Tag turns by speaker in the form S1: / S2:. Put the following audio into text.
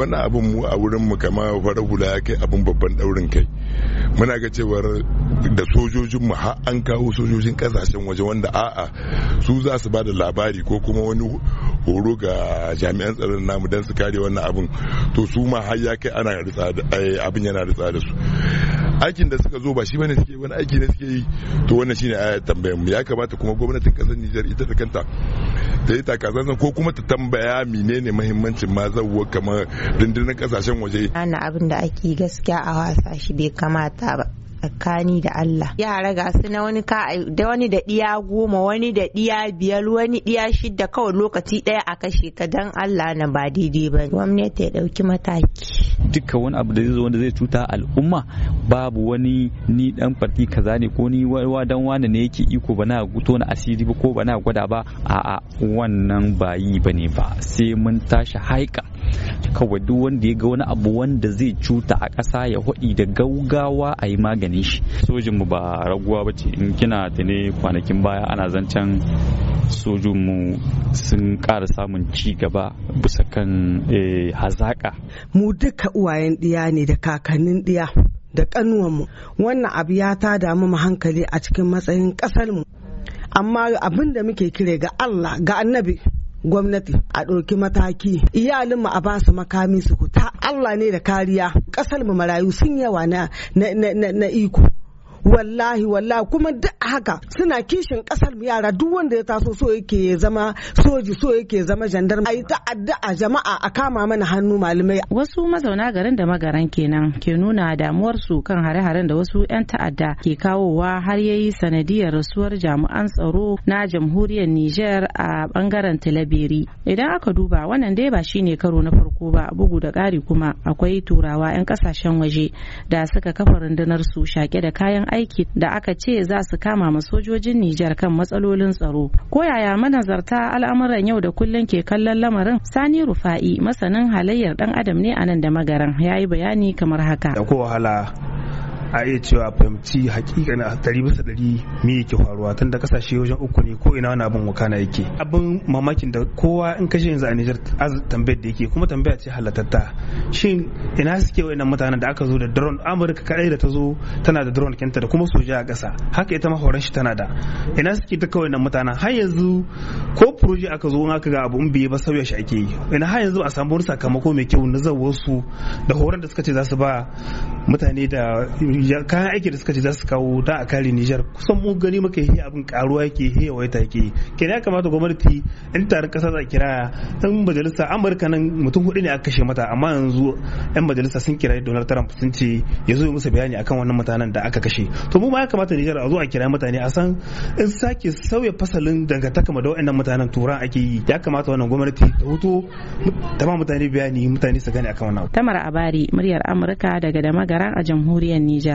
S1: wani abin mu a wurin mu kama fara hula ya kai abin babban daurin kai muna ga cewar da sojojin mu har an kawo sojojin kasashen waje wanda a'a su za su ba da labari ko kuma wani horo ga jami'an tsaron namu don su kare wannan abin to su ma har ya kai ana eh, abin yana ritsa da su aikin da suka zo ba shi bane suke wani aiki ne suke yi to wannan shine a tambayar mu ya kamata kuma gwamnatin kasar Nijar ita da kanta ta yi takazanzan ko kuma ta tambaya menene mahimmancin ma zawwa kamar rundunar kasashen waje
S2: ana abin da ake gaskiya a wasa shi bai kamata ba tsakani da Allah. Yara ga su na wani da wani da ɗiya goma wani da ɗiya biyar wani ɗiya shidda kawai lokaci ɗaya a kashe ka dan Allah na ba daidai ba. Gwamnati ya ɗauki
S3: mataki. duka wani abu da zai zo wanda zai cuta al'umma babu wani ni dan farki kaza ne ko ni wa dan wane ne yake iko bana na guto na asiri ba ko bana gwada ba a'a wannan ba yi bane ba sai mun tashi haika kawai duk wanda ya ga wani abu wanda zai cuta a ƙasa ya hudi da gaugawa a yi maganin shi sojin mu ba raguwa ba ce in kina tuni kwanakin baya ana zancen sojinmu sun ƙara samun ci gaba bisa kan eh, hazaƙa.
S4: Mu duka uwayen ɗiya ne da kakannin ɗiya da ƙanuwanmu wannan abu ya ta damu mu hankali a cikin matsayin ƙasarmu. Amma abin da muke kire ga Allah ga annabi gwamnati a ɗauki mataki iyalinmu a ba su makami su huta Allah ne da kariya ƙasarmu marayu sun yawa na iko. wallahi wallahi kuma duk haka suna kishin kasar yara duk wanda ya taso so yake zama soji so yake zama jandarma ayi ta'adda a jama'a a kama mana hannu malamai
S2: wasu mazauna garin da magaran kenan ke nuna damuwarsu kan hare-haren da wasu 'yan ta'adda ke kawowa har yayi sanadiyar rasuwar jami'an tsaro na jamhuriyar Nijar a bangaren Talabiri idan aka duba wannan dai ba shine karo na farko ba bugu da kari kuma akwai turawa 'yan kasashen waje da suka kafa rundunar su shake da kayan aiki da aka ce za su kama ma sojojin Nijar kan matsalolin tsaro. Ko yaya manazarta al'amuran yau da kullum ke kallon lamarin Sani Rufa'i masanin halayyar dan adam ne a nan da magaran ya yi bayani kamar haka. Da
S5: ko wahala a iya cewa fahimci hakika na dari bisa dari me yake faruwa tunda kasashe wajen uku ne ko ina wani abin wakana yake abin mamakin da kowa in kashe yanzu a Nijar tambayar da yake kuma tambaya ce halatatta shin ina suke wayannan mutanen da aka zo da drone Amurka kadai da ta zo tana da drone kenta da kuma soja a ƙasa haka ita ma horon shi tana da ina suke ta kawai nan mutanen har yanzu ko proje aka zo aka ga abu in bai ba sauya shi ake yi ina har yanzu a samu wani sakamako mai kyau na zawo su da horon da suka ce za su ba mutane da kayan aiki da suka ce za su kawo da a kare Nijar kusan mun gani muka yi abin karuwa yake yi ya ta ke kenan ya kamata gwamnati in taron kasa za kira in majalisa Amurka nan mutum hudu ne aka kashe mata amma yanzu yan majalisa sun kira Donald Trump sun ce ya zo musu bayani akan wannan mutanen da aka kashe to mu ma ya kamata Nijar a zo a kira mutane a san in sake sauya fasalin dangantaka da waɗannan mutanen turan ake yi ya kamata wannan gwamnati ta hoto ta ma mutane bayani mutane su gane akan wannan
S2: Tamar Abari muryar Amurka daga Damagaran a jamhuriyar Nijar